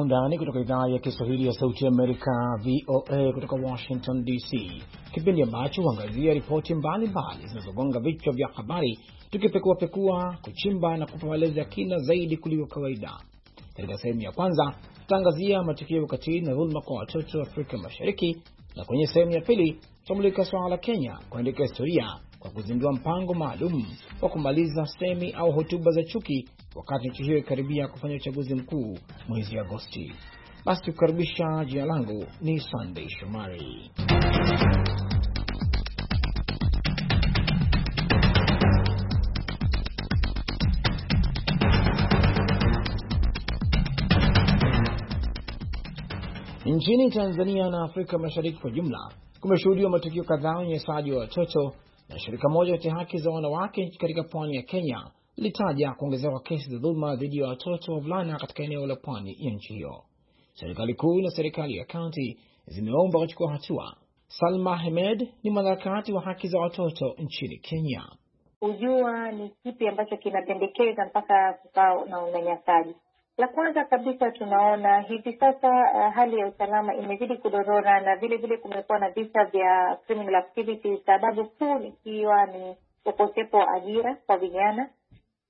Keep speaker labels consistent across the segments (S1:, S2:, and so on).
S1: undani kutoka idhaa ya Kiswahili ya Sauti Amerika, VOA kutoka Washington DC, kipindi ambacho huangazia ripoti mbalimbali zinazogonga vichwa vya habari, tukipekuapekua, kuchimba na kupa maelezo ya kina zaidi kuliko kawaida. Katika sehemu ya kwanza tutaangazia matukio ya ukatili na dhuluma kwa watoto Afrika Mashariki, na kwenye sehemu ya pili tutamulika swala la Kenya kuandika historia kwa kuzindua mpango maalum wa kumaliza semi au hotuba za chuki wakati nchi hiyo ikikaribia kufanya uchaguzi mkuu mwezi Agosti. Basi kukaribisha, jina langu ni Sandey Shomari. Nchini Tanzania na Afrika Mashariki kwa jumla kumeshuhudiwa matukio kadhaa unyanyasaji wa watoto na shirika moja la haki za wanawake katika pwani ya Kenya lilitaja kuongezeka kwa kesi za dhuluma dhidi ya watoto wavulana katika eneo la pwani ya nchi hiyo. Serikali kuu na serikali ya kaunti zimeomba kuchukua hatua. Salma Ahmed ni mwanaharakati wa haki za watoto nchini Kenya.
S2: Hujua ni kipi ambacho kinapendekeza mpaka kukao na unyanyasaji. La kwanza kabisa tunaona hivi sasa uh, hali ya usalama imezidi kudorora na vile vile kumekuwa na visa vya criminal activity, sababu kuu ikiwa ni ukosefu wa ajira kwa vijana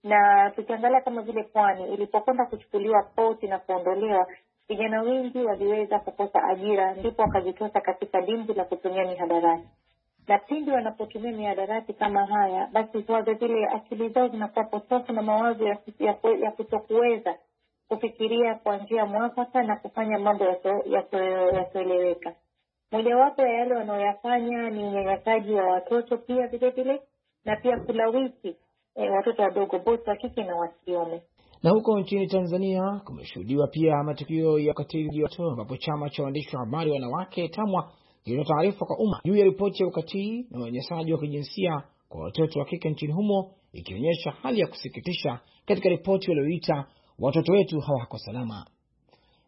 S2: na tukiangalia kama vile pwani ilipokwenda kuchukuliwa poti na kuondolewa, vijana wengi waliweza kukosa ajira, ndipo wakajitosa katika dimbu la kutumia mihadarati, na pindi wanapotumia mihadarati kama haya, basi huwa zile akili zao zinakuwa potofu na mawazo ya, ya, ya kutokuweza kufikiria kwa njia mwafaka na kufanya mambo yasioeleweka. Mojawapo ya yale wanaoyafanya ni unyanyasaji wa watoto pia vilevile, na pia kulawiti e, eh, watoto wadogo bote wa kike na wasiume
S1: Na huko nchini Tanzania kumeshuhudiwa pia matukio ya ukatili wa watoto, ambapo chama cha waandishi wa habari wanawake TAMWA kilitoa taarifa kwa umma juu ya ripoti ya ukatili na unyanyasaji wa kijinsia kwa watoto wa kike nchini humo, ikionyesha hali ya kusikitisha katika ripoti walioita watoto wetu hawako salama.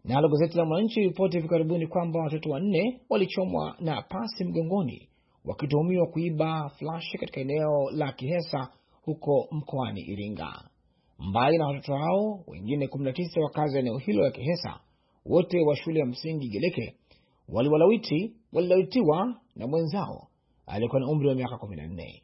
S1: Nalo gazeti la Mwananchi ripoti hivi karibuni kwamba watoto wanne walichomwa na pasi mgongoni wakituhumiwa kuiba flashi katika eneo la Kihesa huko mkoani Iringa. Mbali na watoto hao, wengine 19 wakazi wa eneo hilo la Kihesa, wote wa shule ya msingi Geleke, waliwalawiti walilawitiwa na mwenzao aliyekuwa na umri wa miaka 14.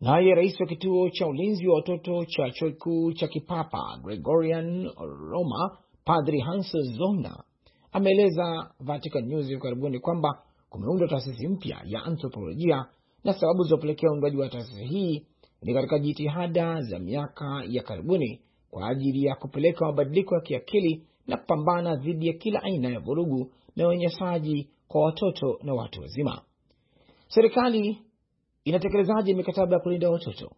S1: Naye rais wa kituo cha ulinzi wa watoto cha chuo kikuu cha kipapa Gregorian Roma, Padri Hans Zona ameeleza Vatican News hivi karibuni kwamba kumeundwa taasisi mpya ya anthropolojia na sababu zilizopelekea uundwaji wa taasisi hii ni katika jitihada za miaka ya karibuni kwa ajili ya kupeleka mabadiliko ya kiakili na kupambana dhidi ya kila aina ya vurugu na unyanyasaji kwa watoto na watu wazima. Serikali inatekelezaje mikataba ya kulinda watoto?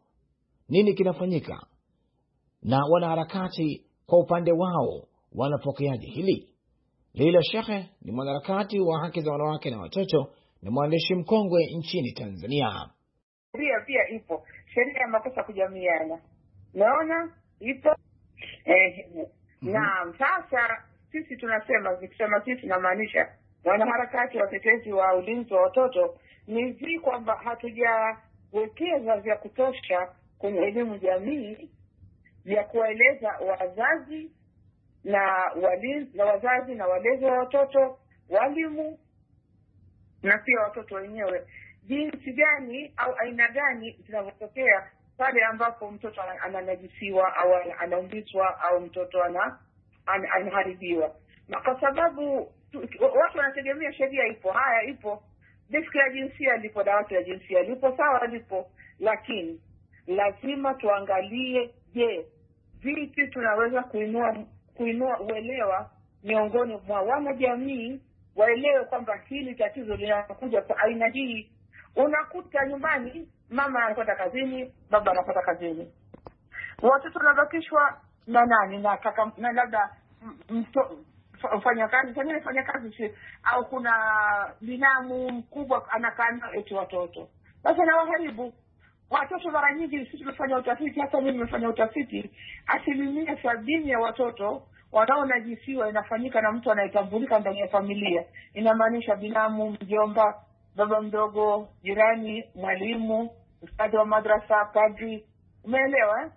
S1: Nini kinafanyika? Na wanaharakati kwa upande wao wanapokeaje hili? Leila shehe ni mwanaharakati wa haki za wanawake na watoto na mwandishi mkongwe nchini Tanzania.
S2: Sheria pia ipo, sheria ya makosa kujamiana, naona ipo eh, mm -hmm. Na sasa sisi tunasema, nikisema sisi namaanisha na wanaharakati watetezi wa ulinzi wa watoto ni vii kwamba hatujawekeza vya kutosha kwenye elimu jamii ya kuwaeleza wazazi na walinzi na wazazi na walezi wa watoto, walimu na pia watoto wenyewe, jinsi gani au aina gani zinavyotokea pale ambapo mtoto ananajisiwa au anaumbizwa au mtoto anaharibiwa, na kwa sababu watu wanategemea sheria ipo, haya ipo, deski la jinsia lipo, dawati la jinsia lipo, sawa, lipo, lakini lazima tuangalie, je, vipi tunaweza kuinua kuinua uelewa miongoni mwa wanajamii, waelewe kwamba hili tatizo linakuja kwa aina hii. Unakuta nyumbani mama anakwenda kazini, baba anakwenda kazini, watoto wanabakishwa na nani na kaka na labda fanya mfanyakazi pengine si, au kuna binamu mkubwa anakaa nao eti watoto, basi anawaharibu watoto. Mara nyingi sisi tumefanya utafiti, hata mimi nimefanya utafiti, asilimia sabini ya watoto wanaonajisiwa inafanyika na mtu anayetambulika ndani ya familia, inamaanisha binamu, mjomba, baba mdogo, jirani, mwalimu, ustadhi wa madrasa, kadri. Umeelewa eh?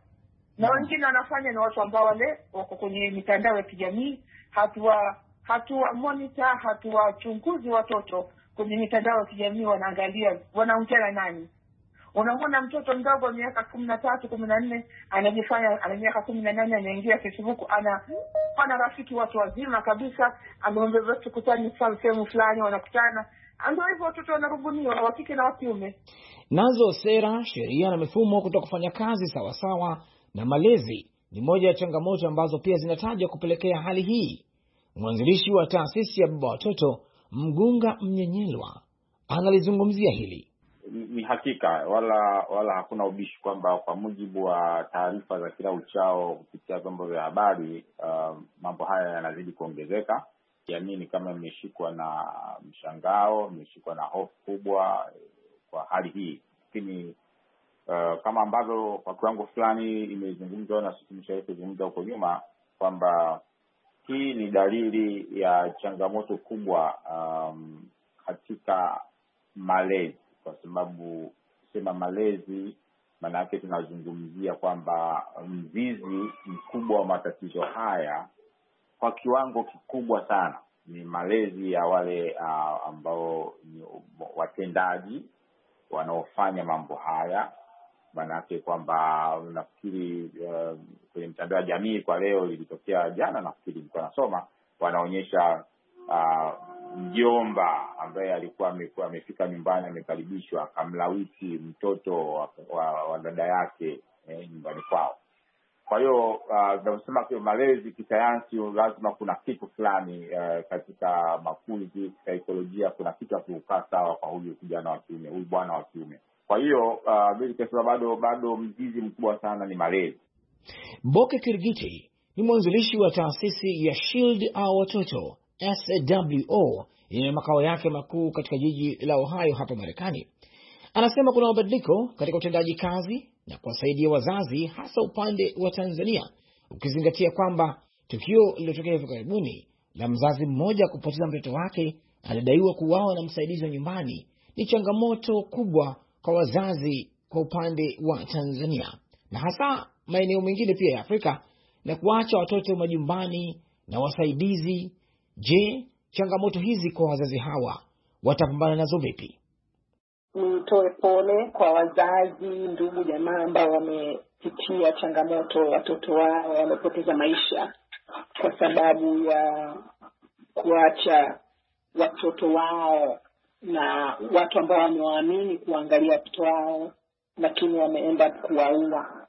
S2: na wengine wanafanya ni watu ambao wale wako kwenye mitandao ya kijamii hatua hatua monitor hatuwachunguzi watoto kwenye mitandao ya kijamii, wanaangalia wanaongea nani. Unamwona mtoto mdogo miaka kumi na tatu kumi na nne anajifanya ana miaka kumi na nane anaingia Facebook, ana ana rafiki watu wazima kabisa, ameombea tukutane sehemu fulani, wanakutana ndio hivyo, watoto wanarubuniwa wa kike na wa kiume.
S1: Nazo sera, sheria na mifumo kutoka kufanya kazi sawasawa na malezi ni moja ya changamoto ambazo pia zinatajwa kupelekea hali hii. Mwanzilishi wa taasisi ya baba watoto Mgunga Mnyenyelwa analizungumzia hili.
S3: Ni hakika wala wala hakuna ubishi kwamba kwa mujibu wa taarifa za kila uchao kupitia vyombo vya habari, uh, mambo haya yanazidi kuongezeka. Jamii ni kama imeshikwa na mshangao, imeshikwa na hofu kubwa kwa hali hii, lakini kama ambavyo kwa kiwango fulani imezungumzwa na kuzungumza huko nyuma kwamba hii ni dalili ya changamoto kubwa um, katika malezi, kwa sababu sema malezi maana yake tunazungumzia kwamba mzizi mkubwa wa matatizo haya kwa kiwango kikubwa sana ni malezi ya wale uh, ambao ni watendaji wanaofanya mambo haya maanaake kwamba nafikiri uh, kwenye mtandao wa jamii kwa leo ilitokea jana, nafikiri ilikuwa nasoma, wanaonyesha uh, mjomba ambaye alikuwa amefika nyumbani amekaribishwa, akamlawiti mtoto wa, wa, wa dada yake eh, nyumbani kwao. Kwa hiyo ah, tunavyosema, uh, malezi kisayansi, lazima kuna kitu fulani uh, katika makuzi, saikolojia kuna kitu ya sawa kwa huyu kijana wa kiume, huyu bwana wa kiume kwa hiyo uh, bado bado mzizi mkubwa sana ni malezi.
S1: Mboke Kirigiti ni mwanzilishi wa taasisi ya Shield Our watoto SWO yenye makao yake makuu katika jiji la Ohio hapa Marekani. Anasema kuna mabadiliko katika utendaji kazi na kuwasaidia wazazi, hasa upande wa Tanzania, ukizingatia kwamba tukio lililotokea hivi karibuni la mzazi mmoja kupoteza mtoto wake alidaiwa kuuawa na msaidizi wa nyumbani ni changamoto kubwa kwa wazazi kwa upande wa Tanzania na hasa maeneo mengine pia ya Afrika na kuacha watoto majumbani na wasaidizi. Je, changamoto hizi kwa wazazi hawa watapambana nazo vipi?
S4: Nitoe pole kwa wazazi, ndugu, jamaa ambao wamepitia changamoto, watoto wao wamepoteza maisha kwa sababu ya kuacha watoto wao na watu ambao wamewaamini kuangalia watoto wao, lakini wameenda kuwaua.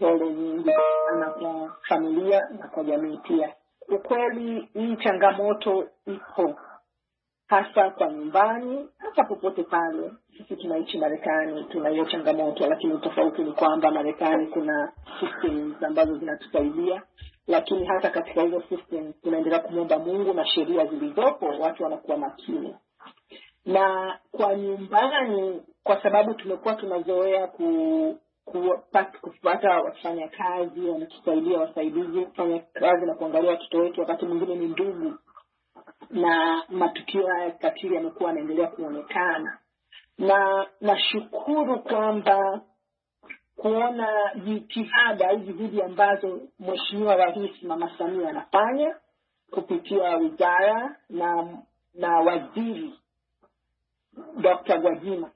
S4: Pole nyingi sana kwa familia na kwa jamii pia. Ukweli hii changamoto ipo hasa kwa nyumbani, hata popote pale. Sisi tunaishi Marekani, tuna hiyo changamoto, lakini tofauti ni kwamba Marekani kuna systems ambazo zinatusaidia, lakini hata katika hizo systems tunaendelea kumwomba Mungu na sheria zilizopo, watu wanakuwa makini na kwa nyumbani kwa sababu tumekuwa tunazoea ku kupata wafanya kazi wanatusaidia wasaidizi kufanya kazi na kuangalia watoto wetu wakati mwingine ni ndugu na matukio haya katili yamekuwa anaendelea kuonekana na nashukuru kwamba kuona jitihada au juhudi ambazo mweshimiwa rais mama samia anafanya kupitia wizara na na waziri Dkt. Gwajima,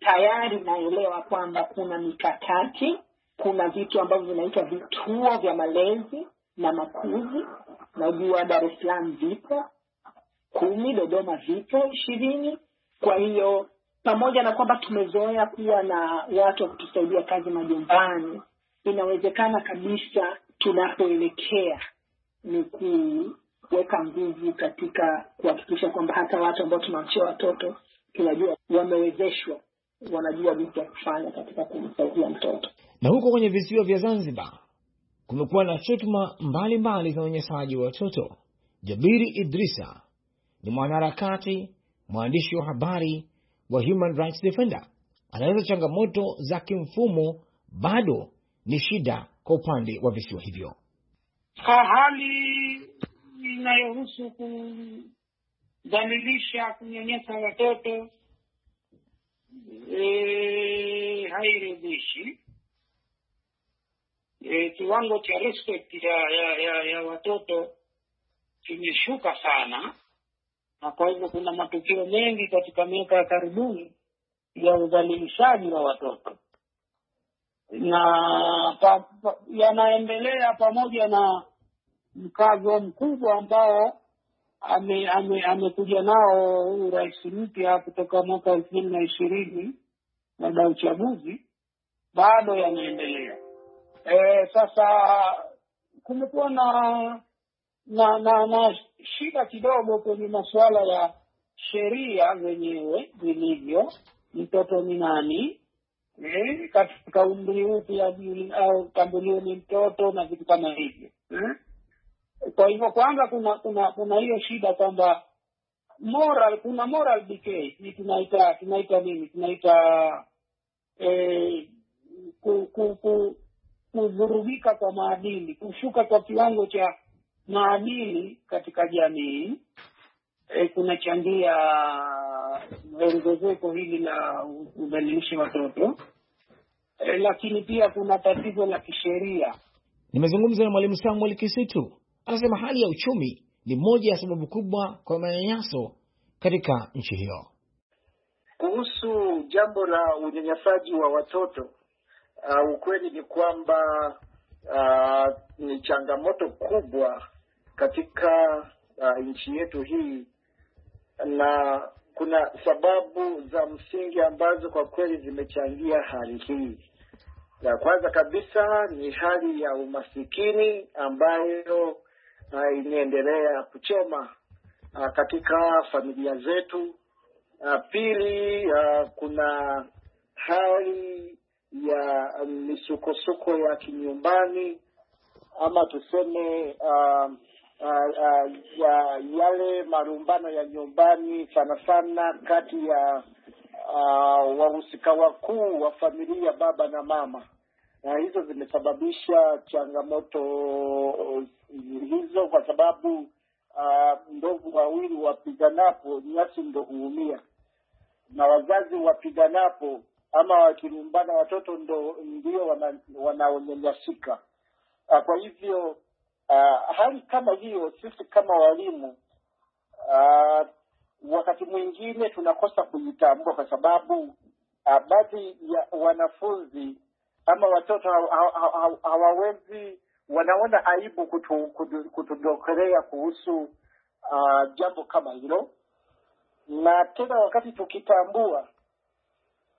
S4: tayari naelewa kwamba kuna mikakati, kuna vitu ambavyo vinaitwa vituo vya malezi na makuzi. Najua Dar es Salaam vipo kumi, Dodoma vipo ishirini. Kwa hiyo pamoja na kwamba tumezoea kuwa na watu wa kutusaidia kazi majumbani, inawezekana kabisa tunapoelekea ni kuweka nguvu katika kuhakikisha kwamba hata watu ambao tunawachia watoto tunajua wamewezeshwa, wanajua vitu vya kufanya katika kumsaidia mtoto.
S1: Na huko kwenye visiwa vya Zanzibar kumekuwa na shutuma mbalimbali za unyanyasaji wa watoto. Jabiri Idrisa ni mwanaharakati, mwandishi wa habari wa Human Rights Defender, anaeleza changamoto za kimfumo bado ni shida kwa upande wa visiwa hivyo.
S5: Kwa hali inayohusu dhamirisha kunyanyasa watoto e, hairidhishi e, kiwango cha respect ya, ya, ya, ya watoto kimeshuka sana na kwa hivyo kuna matukio mengi katika miaka ya karibuni ya udhalilishaji wa watoto na pa, pa, yanaendelea pamoja na mkazo mkubwa ambao amekuja ame, ame nao rais mpya kutoka mwaka elfu mbili na ishirini baada ya uchaguzi bado
S6: yanaendelea.
S5: E, sasa kumekuwa na na na na shida kidogo kwenye masuala ya sheria zenyewe zilivyo, mtoto ni nani e, katika umri upi au tambulio ni mtoto na vitu kama hivyo e? Kwa hivyo kwanza, kuna kuna kuna hiyo shida kwamba moral, kuna moral decay, ni tunaita tunaita nini, tunaita eh, ku, ku, ku, kwa maadili, kushuka kwa kiwango cha maadili katika jamii e, kunachangia ongezeko hili la udhalilisha watoto eh, lakini pia kuna tatizo la kisheria.
S1: Nimezungumza na Mwalimu Samuel Kisitu Anasema hali ya uchumi ni moja ya sababu kubwa kwa manyanyaso katika nchi hiyo.
S6: Kuhusu jambo la unyanyasaji wa watoto, uh, ukweli ni kwamba uh, ni changamoto kubwa katika uh, nchi yetu hii, na kuna sababu za msingi ambazo kwa kweli zimechangia hali hii. Ya kwanza kabisa ni hali ya umasikini ambayo uh, imeendelea kuchoma uh, katika familia zetu. Uh, pili, uh, kuna hali ya misukosuko ya kinyumbani ama tuseme uh, Uh, uh, ya yale marumbano ya nyumbani sana sana kati ya uh, wahusika wakuu wa familia baba na mama, na hizo zimesababisha changamoto hizo, kwa sababu uh, ndovu wawili wapiganapo nyasi ndo huumia, na wazazi wapiganapo ama wakirumbana watoto ndo ndio wanaonyanyasika Uh, kwa hivyo uh, hali kama hiyo, sisi kama walimu uh, wakati mwingine tunakosa kujitambua, kwa sababu uh, baadhi ya wanafunzi ama watoto hawawezi wanaona aibu kutudokelea kuhusu uh, jambo kama hilo, na tena wakati tukitambua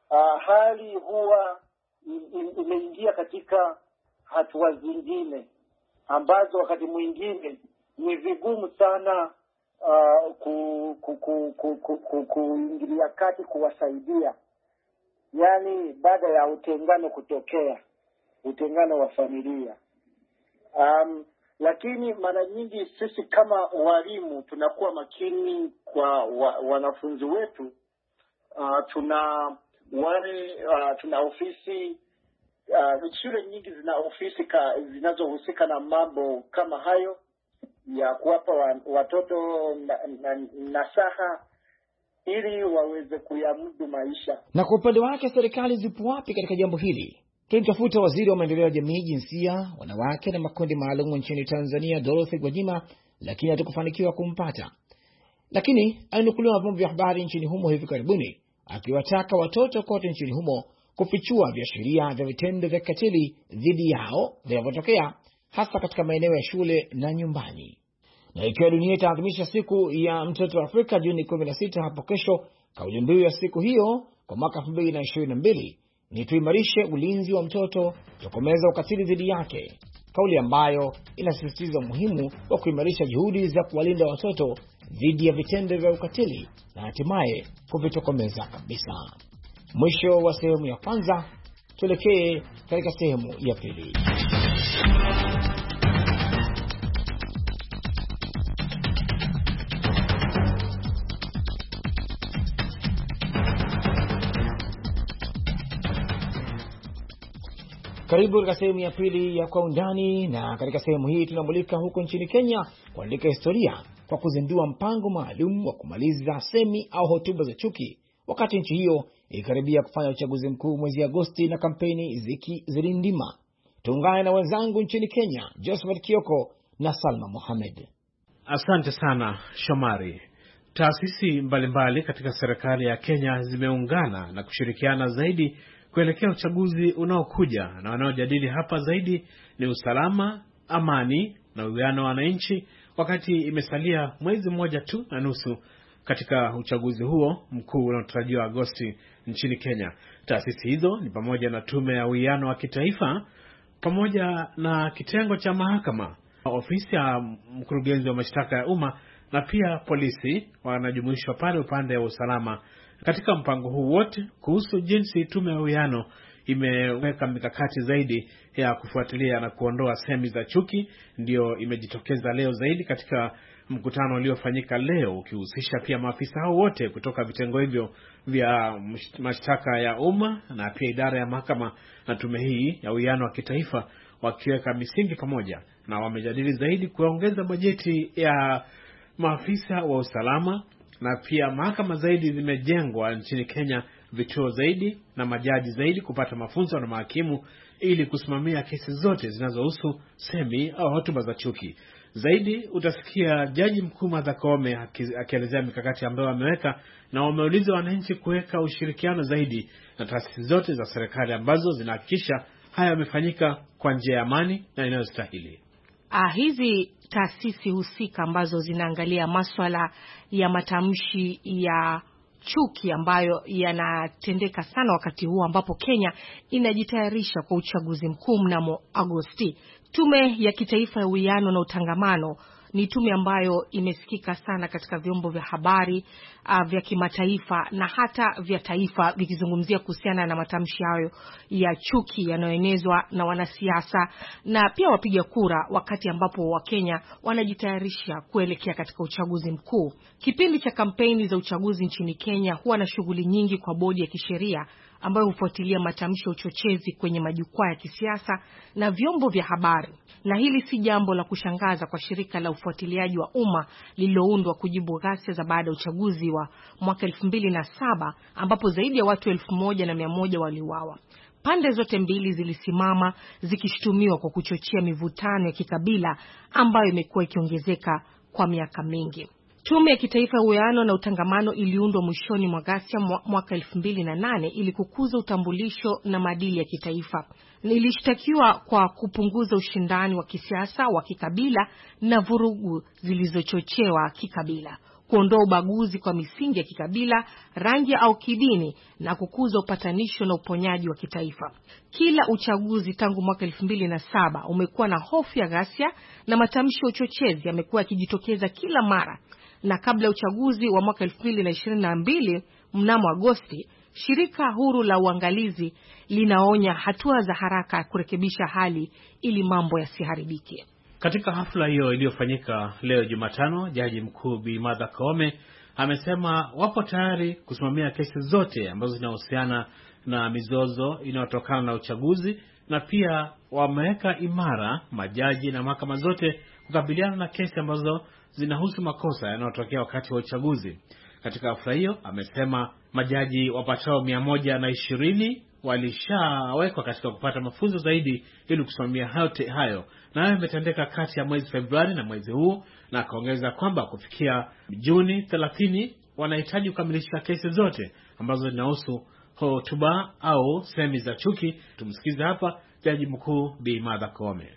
S6: uh, hali huwa imeingia katika hatua zingine ambazo wakati mwingine ni vigumu sana uh, ku, ku, ku, ku, ku, kuingilia kati kuwasaidia, yaani baada ya utengano kutokea, utengano wa familia Um, lakini mara nyingi sisi kama walimu tunakuwa makini kwa wa, wanafunzi wetu. Uh, tuna wale uh, tuna ofisi uh, shule nyingi zina ofisi zinazohusika na mambo kama hayo ya kuwapa wa, watoto nasaha na, na ili waweze kuyamudu maisha.
S1: Na kwa upande wake serikali zipo wapi katika jambo hili? Tulimtafuta waziri wa maendeleo ya jamii, jinsia, wanawake na makundi maalum nchini Tanzania, Dorothy Gwajima, lakini hatukufanikiwa kumpata. Lakini alinukuliwa vyombo vya habari nchini humo hivi karibuni akiwataka watoto kote nchini humo kufichua viashiria vya vitendo vya kikatili dhidi yao vinavyotokea hasa katika maeneo ya shule na nyumbani. Na ikiwa dunia itaadhimisha siku ya mtoto wa Afrika Juni 16 hapo kesho, kauli mbiu ya siku hiyo kwa mwaka 2022 ni tuimarishe ulinzi wa mtoto, tokomeza ukatili dhidi yake, kauli ambayo inasisitiza umuhimu wa kuimarisha juhudi za kuwalinda watoto dhidi ya vitendo vya ukatili na hatimaye kuvitokomeza kabisa. Mwisho wa sehemu ya kwanza, tuelekee katika sehemu ya pili. Karibu katika sehemu ya pili ya kwa undani, na katika sehemu hii tunamulika huko nchini Kenya kuandika historia kwa kuzindua mpango maalum wa kumaliza semi au hotuba za chuki, wakati nchi hiyo ikikaribia kufanya uchaguzi mkuu mwezi Agosti na kampeni ziki zilindima. Tuungane na wenzangu nchini Kenya, Josephat Kioko na Salma Mohamed.
S7: Asante sana Shomari. Taasisi mbalimbali katika serikali ya Kenya zimeungana na kushirikiana zaidi kuelekea uchaguzi unaokuja, na wanaojadili hapa zaidi ni usalama, amani na uwiano wa wananchi, wakati imesalia mwezi mmoja tu na nusu katika uchaguzi huo mkuu unaotarajiwa Agosti nchini Kenya. Taasisi hizo ni pamoja na tume ya uwiano wa kitaifa pamoja na kitengo cha mahakama, ofisi ya mkurugenzi wa mashtaka ya umma na pia polisi wanajumuishwa pale upande wa usalama katika mpango huu wote kuhusu jinsi tume ya uwiano imeweka mikakati zaidi ya kufuatilia na kuondoa semi za chuki, ndiyo imejitokeza leo zaidi katika mkutano uliofanyika leo ukihusisha pia maafisa hao wote kutoka vitengo hivyo vya mashtaka ya umma na pia idara ya mahakama na tume hii ya uwiano wa kitaifa, wakiweka misingi pamoja, na wamejadili zaidi kuongeza bajeti ya maafisa wa usalama na pia mahakama zaidi zimejengwa nchini Kenya, vituo zaidi na majaji zaidi kupata mafunzo na mahakimu ili kusimamia kesi zote zinazohusu semi au hotuba za chuki. Zaidi utasikia jaji mkuu Martha Koome akielezea mikakati ambayo ameweka, na wameuliza wananchi kuweka ushirikiano zaidi na taasisi zote za serikali ambazo zinahakikisha haya yamefanyika kwa njia ya amani na inayostahili.
S8: Ah, hizi taasisi husika ambazo zinaangalia maswala ya matamshi ya chuki ambayo yanatendeka sana wakati huu ambapo Kenya inajitayarisha kwa uchaguzi mkuu mnamo Agosti. Tume ya Kitaifa ya Uwiano na Utangamano ni tume ambayo imesikika sana katika vyombo vya habari uh, vya kimataifa na hata vya taifa vikizungumzia kuhusiana na matamshi hayo ya chuki yanayoenezwa na wanasiasa na pia wapiga kura, wakati ambapo Wakenya wanajitayarisha kuelekea katika uchaguzi mkuu. Kipindi cha kampeni za uchaguzi nchini Kenya huwa na shughuli nyingi kwa bodi ya kisheria ambayo hufuatilia matamshi ya uchochezi kwenye majukwaa ya kisiasa na vyombo vya habari. Na hili si jambo la kushangaza kwa shirika la ufuatiliaji wa umma lililoundwa kujibu ghasia za baada ya uchaguzi wa mwaka saba ambapo zaidi ya watu moja waliuawa. Pande zote mbili zilisimama zikishutumiwa kwa kuchochea mivutano ya kikabila ambayo imekuwa ikiongezeka kwa miaka mingi. Tume ya Kitaifa ya Uwiano na Utangamano iliundwa mwishoni mwa ghasia mwaka 2008 ili kukuza utambulisho na maadili ya kitaifa. Ilishtakiwa kwa kupunguza ushindani wa kisiasa, wa kikabila na vurugu zilizochochewa kikabila, kuondoa ubaguzi kwa misingi ya kikabila, rangi au kidini na kukuza upatanisho na uponyaji wa kitaifa. Kila uchaguzi tangu mwaka saba umekuwa na hofu ya ghasia na matamshi ya uchochezi yamekuwa yakijitokeza kila mara na kabla ya uchaguzi wa mwaka mbili mnamo Agosti, shirika huru la uangalizi linaonya hatua za haraka ya kurekebisha hali ili mambo yasiharibike.
S7: Katika hafla hiyo iliyofanyika leo Jumatano, jaji mkuu Bi Martha Koome amesema wapo tayari kusimamia kesi zote ambazo zinahusiana na mizozo inayotokana na uchaguzi na pia wameweka imara majaji na mahakama zote kukabiliana na kesi ambazo zinahusu makosa yanayotokea wakati wa uchaguzi. Katika hafla hiyo, amesema majaji wapatao mia moja na ishirini walishawekwa katika kupata mafunzo zaidi ili kusimamia yote hayo, nayo yametendeka kati ya mwezi Februari na mwezi huu, na akaongeza kwamba kufikia Juni thelathini wanahitaji kukamilisha kesi zote ambazo zinahusu hotuba au sehemi za chuki. Tumsikize hapa Jaji Mkuu Bi madha Koome.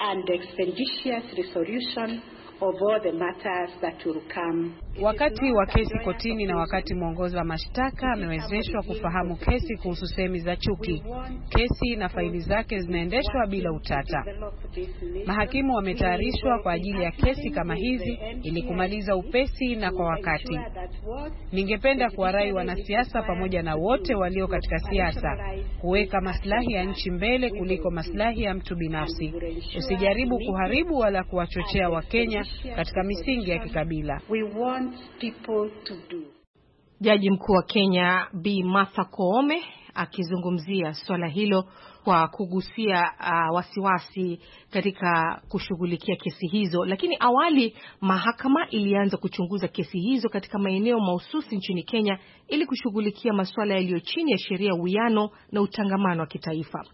S8: and expeditious resolution of all the matters that will come. Wakati wa kesi kotini na wakati mwongozi wa mashtaka amewezeshwa kufahamu kesi kuhusu semi za chuki. Kesi na faili zake zinaendeshwa bila utata. Mahakimu wametayarishwa kwa ajili ya kesi kama hizi ili kumaliza upesi na kwa wakati. Ningependa kuwarai wanasiasa pamoja na wote walio katika siasa kuweka maslahi ya nchi mbele kuliko maslahi ya mtu binafsi. Usijaribu kuharibu wala kuwachochea Wakenya katika misingi ya kikabila.
S9: We want people
S4: to do.
S8: Jaji mkuu wa Kenya Bi Martha Koome akizungumzia swala hilo kwa kugusia uh, wasiwasi katika kushughulikia kesi hizo. Lakini awali mahakama ilianza kuchunguza kesi hizo katika maeneo mahususi nchini Kenya ili kushughulikia masuala yaliyo chini ya sheria, ya uwiano na utangamano wa kitaifa.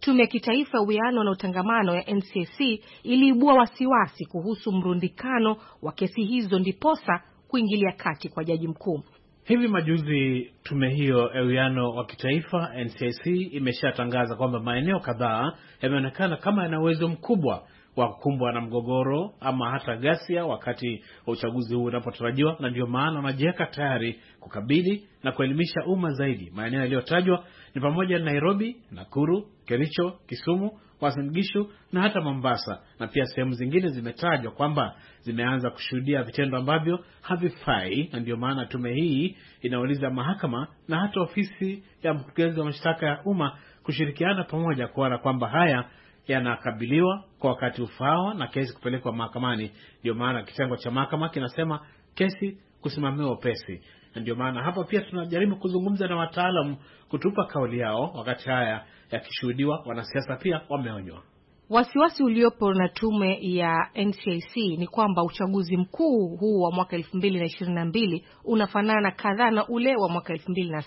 S8: Tume ya Kitaifa ya Uwiano na Utangamano ya NCC iliibua wasiwasi kuhusu mrundikano wa kesi hizo, ndiposa kuingilia kati kwa
S7: jaji mkuu. Hivi majuzi tume hiyo ya uwiano wa kitaifa NCC imeshatangaza kwamba maeneo kadhaa yameonekana kama yana uwezo mkubwa wakumbwa na mgogoro ama hata ghasia wakati wa uchaguzi huu unapotarajiwa, na ndio maana wanajiweka tayari kukabili na kuelimisha umma zaidi. Maeneo yaliyotajwa ni pamoja na Nairobi, Nakuru, Kericho, Kisumu, Uasin Gishu na hata Mombasa, na pia sehemu zingine zimetajwa kwamba zimeanza kushuhudia vitendo ambavyo havifai, na ndio maana tume hii inauliza mahakama na hata ofisi ya mkurugenzi wa mashtaka ya umma kushirikiana pamoja kuona kwamba haya yanakabiliwa kwa wakati ufaao na kesi kupelekwa mahakamani. Ndio maana kitengo cha mahakama kinasema kesi kusimamiwa upesi, na ndio maana hapa pia tunajaribu kuzungumza na wataalam kutupa kauli yao. Wakati haya yakishuhudiwa, wanasiasa pia wameonywa.
S8: Wasiwasi uliopo na tume ya NCIC ni kwamba uchaguzi mkuu huu wa mwaka 2022 unafanana kadhaa na ule wa mwaka 2007.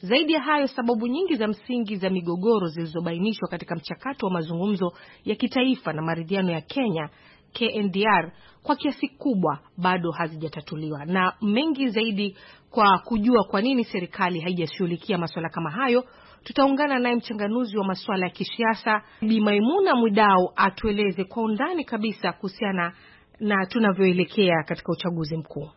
S8: Zaidi ya hayo, sababu nyingi za msingi za migogoro zilizobainishwa katika mchakato wa mazungumzo ya kitaifa na maridhiano ya Kenya KNDR kwa kiasi kubwa bado hazijatatuliwa na mengi zaidi, kwa kujua kwa nini serikali haijashughulikia masuala kama hayo, Tutaungana naye mchanganuzi wa masuala ya kisiasa Bi Maimuna Mwidau atueleze kwa undani kabisa kuhusiana na tunavyoelekea katika uchaguzi mkuu.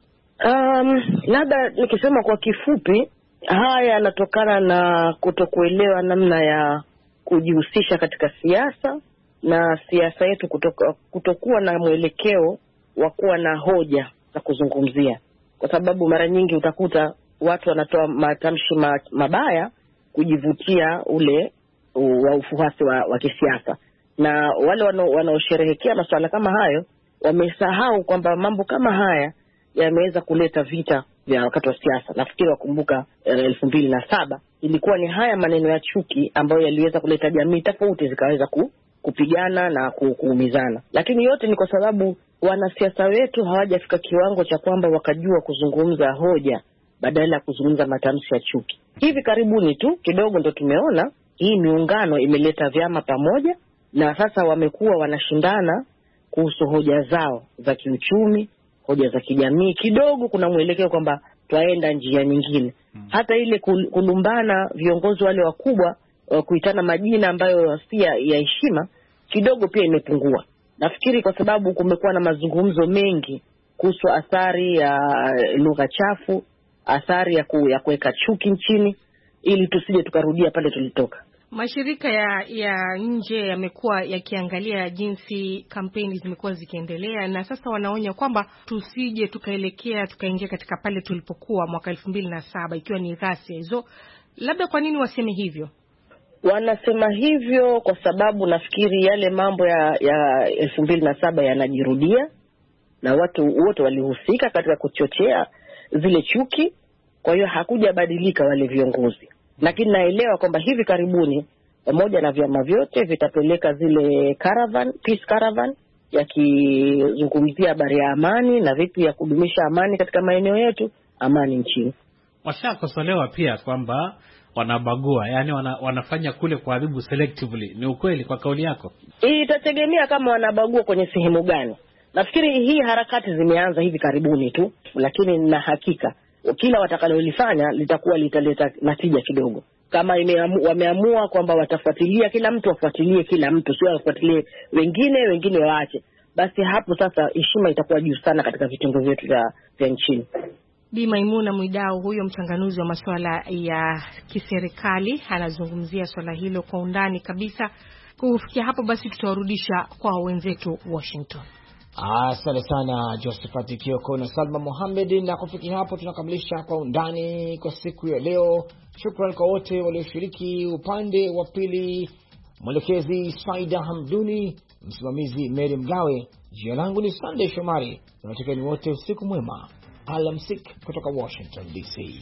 S10: Um, labda nikisema kwa kifupi, haya yanatokana na kutokuelewa namna ya kujihusisha katika siasa na siasa yetu kutoka, kutokuwa na mwelekeo wa kuwa na hoja za kuzungumzia, kwa sababu mara nyingi utakuta watu wanatoa matamshi mabaya kujivutia ule wa ufuasi wa, wa kisiasa na wale wanaosherehekea masuala kama hayo wamesahau kwamba mambo kama haya yameweza kuleta vita vya wakati wa siasa. Nafikiri wakumbuka eh, elfu mbili na saba ilikuwa ni haya maneno ya chuki ambayo yaliweza kuleta jamii tofauti zikaweza ku, kupigana na ku, kuumizana, lakini yote ni kwa sababu wanasiasa wetu hawajafika kiwango cha kwamba wakajua kuzungumza hoja badala ya kuzungumza matamshi ya chuki. Hivi karibuni tu kidogo ndo tumeona hii miungano imeleta vyama pamoja, na sasa wamekuwa wanashindana kuhusu hoja zao za kiuchumi, hoja za kijamii. Kidogo kuna mwelekeo kwamba twaenda njia nyingine. Hmm. Hata ile kulumbana viongozi wale wakubwa uh, kuitana majina ambayo si ya heshima kidogo pia imepungua. Nafikiri kwa sababu kumekuwa na mazungumzo mengi kuhusu athari ya uh, lugha chafu athari ya ku, ya kuweka chuki nchini ili tusije tukarudia pale tulitoka.
S8: Mashirika ya ya nje yamekuwa yakiangalia jinsi kampeni zimekuwa zikiendelea, na sasa wanaonya kwamba tusije tukaelekea tukaingia katika pale tulipokuwa mwaka elfu mbili na saba ikiwa ni ghasia hizo. Labda kwa nini waseme hivyo?
S10: Wanasema hivyo kwa sababu nafikiri yale mambo ya ya elfu mbili na saba yanajirudia na watu wote walihusika katika kuchochea zile chuki. Kwa hiyo hakujabadilika wale viongozi, lakini naelewa kwamba hivi karibuni pamoja eh, na vyama vyote vitapeleka zile caravan, peace caravan yakizungumzia habari ya amani na vipi ya kudumisha amani katika maeneo yetu,
S7: amani nchini. Washakosolewa pia kwamba wanabagua, yani wana, wanafanya kule kuadhibu selectively. Ni ukweli kwa kauli yako?
S10: Itategemea kama wanabagua kwenye sehemu gani. Nafikiri hii harakati zimeanza hivi karibuni tu, lakini na hakika kila watakalolifanya litakuwa litaleta natija kidogo. Kama imeamu, wameamua kwamba watafuatilia kila mtu, wafuatilie kila mtu, sio wafuatilie wengine, wengine waache, basi hapo sasa heshima itakuwa juu sana katika vitengo vyetu vya nchini.
S8: Bi Maimuna mwidao huyo mchanganuzi wa masuala ya kiserikali, anazungumzia swala hilo kwa undani kabisa. Kufikia hapo basi, tutawarudisha kwa wenzetu
S1: Washington. Asante sana Josephat Kioko na Salma Mohamed. Na kufikia hapo, tunakamilisha kwa undani kwa siku ya leo. Shukran kwa wote walioshiriki. Upande wa pili, mwelekezi Saida Hamduni, msimamizi Mary Mgawe. Jina langu ni Sandey Shomari na wote usiku mwema, alamsik kutoka Washington DC.